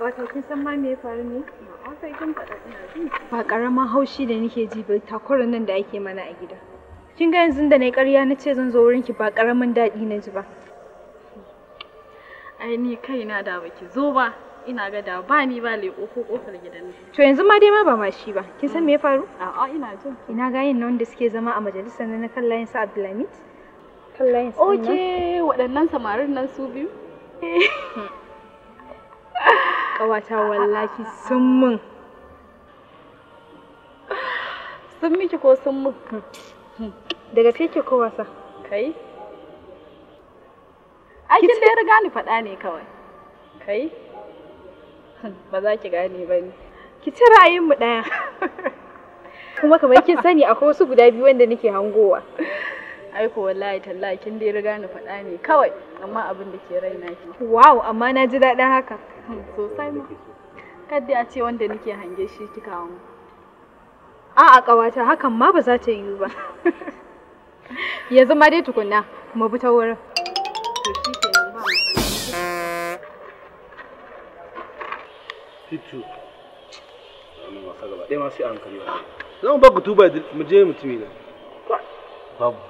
Wato kin san ma me faru ne? Sai kin faɗa ina jin. Ba ƙaramin haushi da nake ji ba takurar nan da ake mana a gida. Kin ga yanzu da na yi ƙarya na ce zan zo wurin ki ba ƙaramin daɗi na ji ba. Ai ni kaina da baki zo ba ina ga da ba ni ba leƙo ko ƙofar gidan nan. To yanzu ma dai ma ba ma shi ba. Kin san me ya faru? A'a ina jin. Ina ga yin nan da suke zama a majalisar na kan layin sa Abdulhamid? wallahi oke waɗannan samarin nan su biyu ƙawata wallahi sun mun sun miki ko sun mun daga feke ko wasa kai aikin da ya riga ni faɗa ne kawai kai ba za ki gane ba ne ki ci ra'ayin mu ɗaya kuma kamar kin sani akwai wasu guda biyu wanda nake hangowa aiko wallahi tallahi kin dai riga ni faɗa ne kawai amma abin da ke raina ki wow amma na ji daɗin haka hmm, sosai ma kadda a ce wanda nake hange shi kika a a'a ƙawata hakan ma ba za ta yiwu ba yanzu ma dai tukunna mu bi ta wurin to shi kenan ba Titu, wasa gaba ma sai an kalli Zan ba ku tuba mu je na. Babu.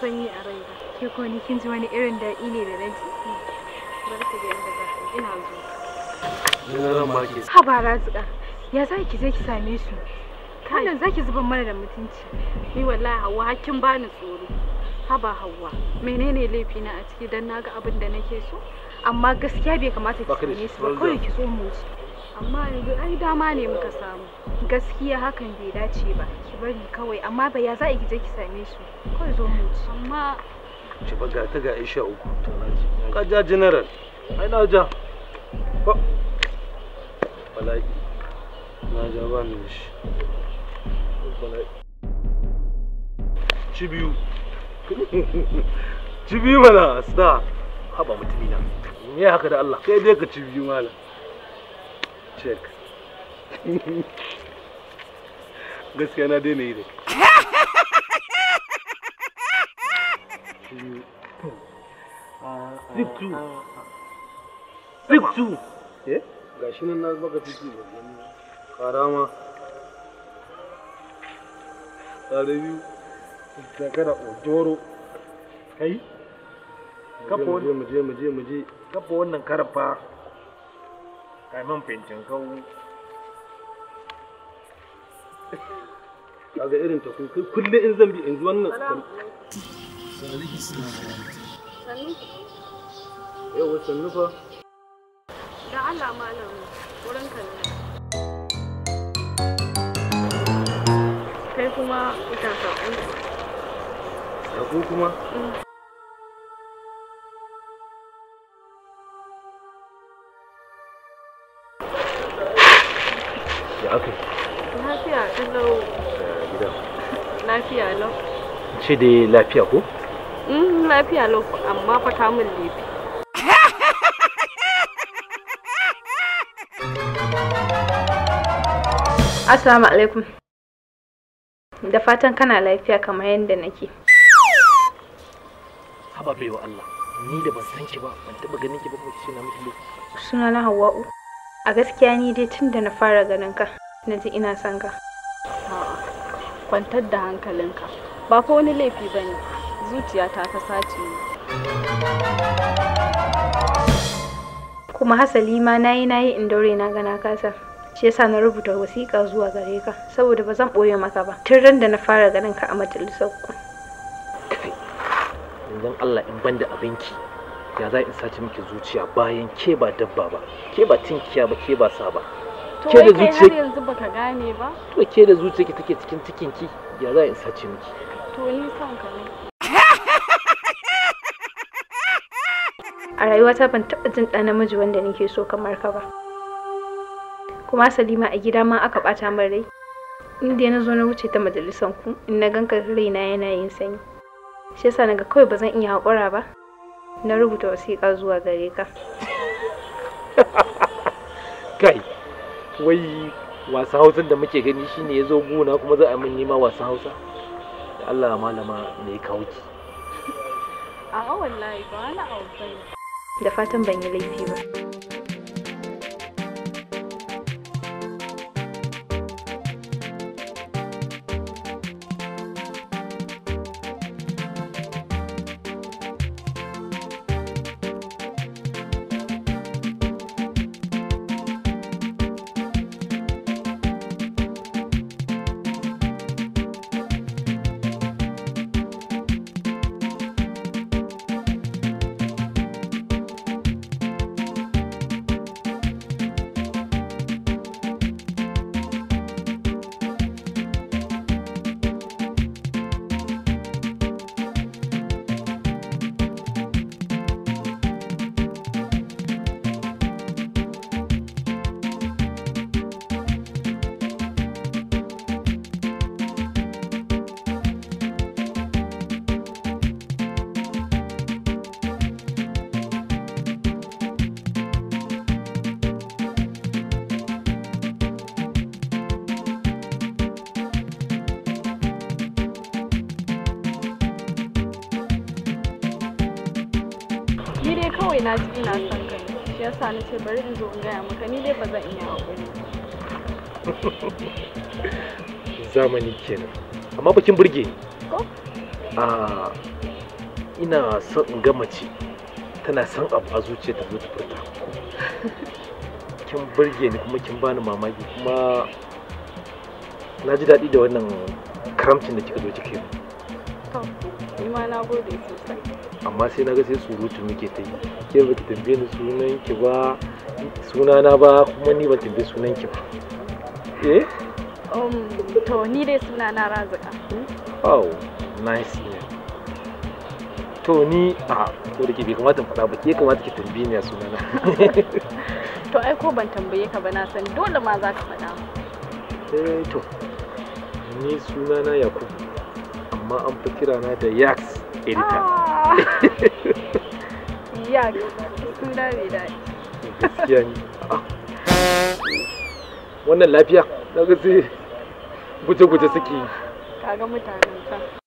sanyi a rai ba ke ko ni kin ji wani irin daɗi ne da nan bari ki da yanda za ku ina zo ha ba razuka ya za ki je ki same shi wannan za ki zuban mana da mutunci ni wallahi hawa hakkin bani tsoro haba hawa menene laifi na a ciki dan naga abin da nake so amma gaskiya bai kamata ki same shi ba kawai ki so mu wuce amma yanzu ai dama ne muka samu gaskiya hakan bai dace ba ki bari kawai amma ba ya za ki je ki same shi kawai zo mu ci amma ci ba ga ta ga Aisha uku to ka ja general ai na ja ba bala'i na ja ba ni shi bala'i ci biyu ci biyu mana star haba mutumina me haka da Allah kai dai ka ci biyu malam check gaskiya na daina yi da zip two zip two eh nan na baka da karama biyu ojoro kai kafa wannan kafa wannan karfa Cái mong biển can kau kaga irin in zan bi in ji wannan yau sannu fa da Allah malam wurin ka ne kai kuma ita kuma aka lafiya kalau gidan lafiya lau ce dai lafiya ko mm, lafiya lau amma fa kamun lefi Assalamu alaikum. Da fatan kana lafiya kamar yadda nake. Haba baiwa Allah, ni da ban san ki ba, ban taba ganin ki ba kuma ki na miki Suna na Hawwa'u. a gaskiya ni dai tun da na fara ganin ka na ji ina son ka kwantar da hankalinka ba fa wani laifi ba ne Zuciya ta ta sace ni kuma hasali ma na yi in daure na gana kasa shi yasa na rubuta wasiƙa zuwa gare ka saboda ba zan ɓoye maka ba tun ran da na fara ganin ka a majalisar ku Allah in banda abinki ya za in sace miki zuciya bayan ke ba dabba ba ke ba tinkiya ba ke ba sa ba ke da zuciya to yanzu baka gane ba to ke da zuciya ki take cikin cikin ki ya za in sace miki to ni son ka ne a rayuwata ban taɓa jin ɗan namiji wanda nake so kamar ka ba kuma salima a gida ma aka ɓata min rai inda na zo na wuce ta majalisan ku in na ganka raina yana yin sanyi shi yasa naga kawai ba zan iya haƙura ba na rubuta wasiƙa zuwa gare ka kai wai wasu hausan da muke gani shine ya zo gona kuma za a min nima wasu hausa allah malama me ya kawo ki a ba wani da fatan ban yi laifi ba na ji ina son ka shi yasa na ce bari in zo in gaya maka ni dai ba zan iya haƙuri zamani kenan amma bakin burge ko a ina son in ga mace tana son abu a zuciya ta zo ta furta kin burge ni kuma kin bani mamaki kuma na ji daɗi da wannan karamcin da kika zo kika yi. na gode sosai amma sai na ga sai surutu muke ta yi ke ba ki tambaye ni sunan ki ba sunana ba kuma ni ban tambaye sunan ki ba eh um to ni dai sunana razuka oh nice ne to ni a ko da ke bai kamata faɗa ba ke kamata ki tambaye ni a sunana to ai ko ban tambaye ka ba na san dole ma za ka faɗa eh to ni sunana yakubu amma an fi kira na da yax editor yax sun dawe daɗi gaskiya ne ah. wannan lafiya na guje-guje suke yi kaga mutanen ta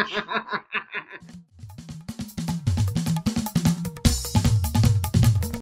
much.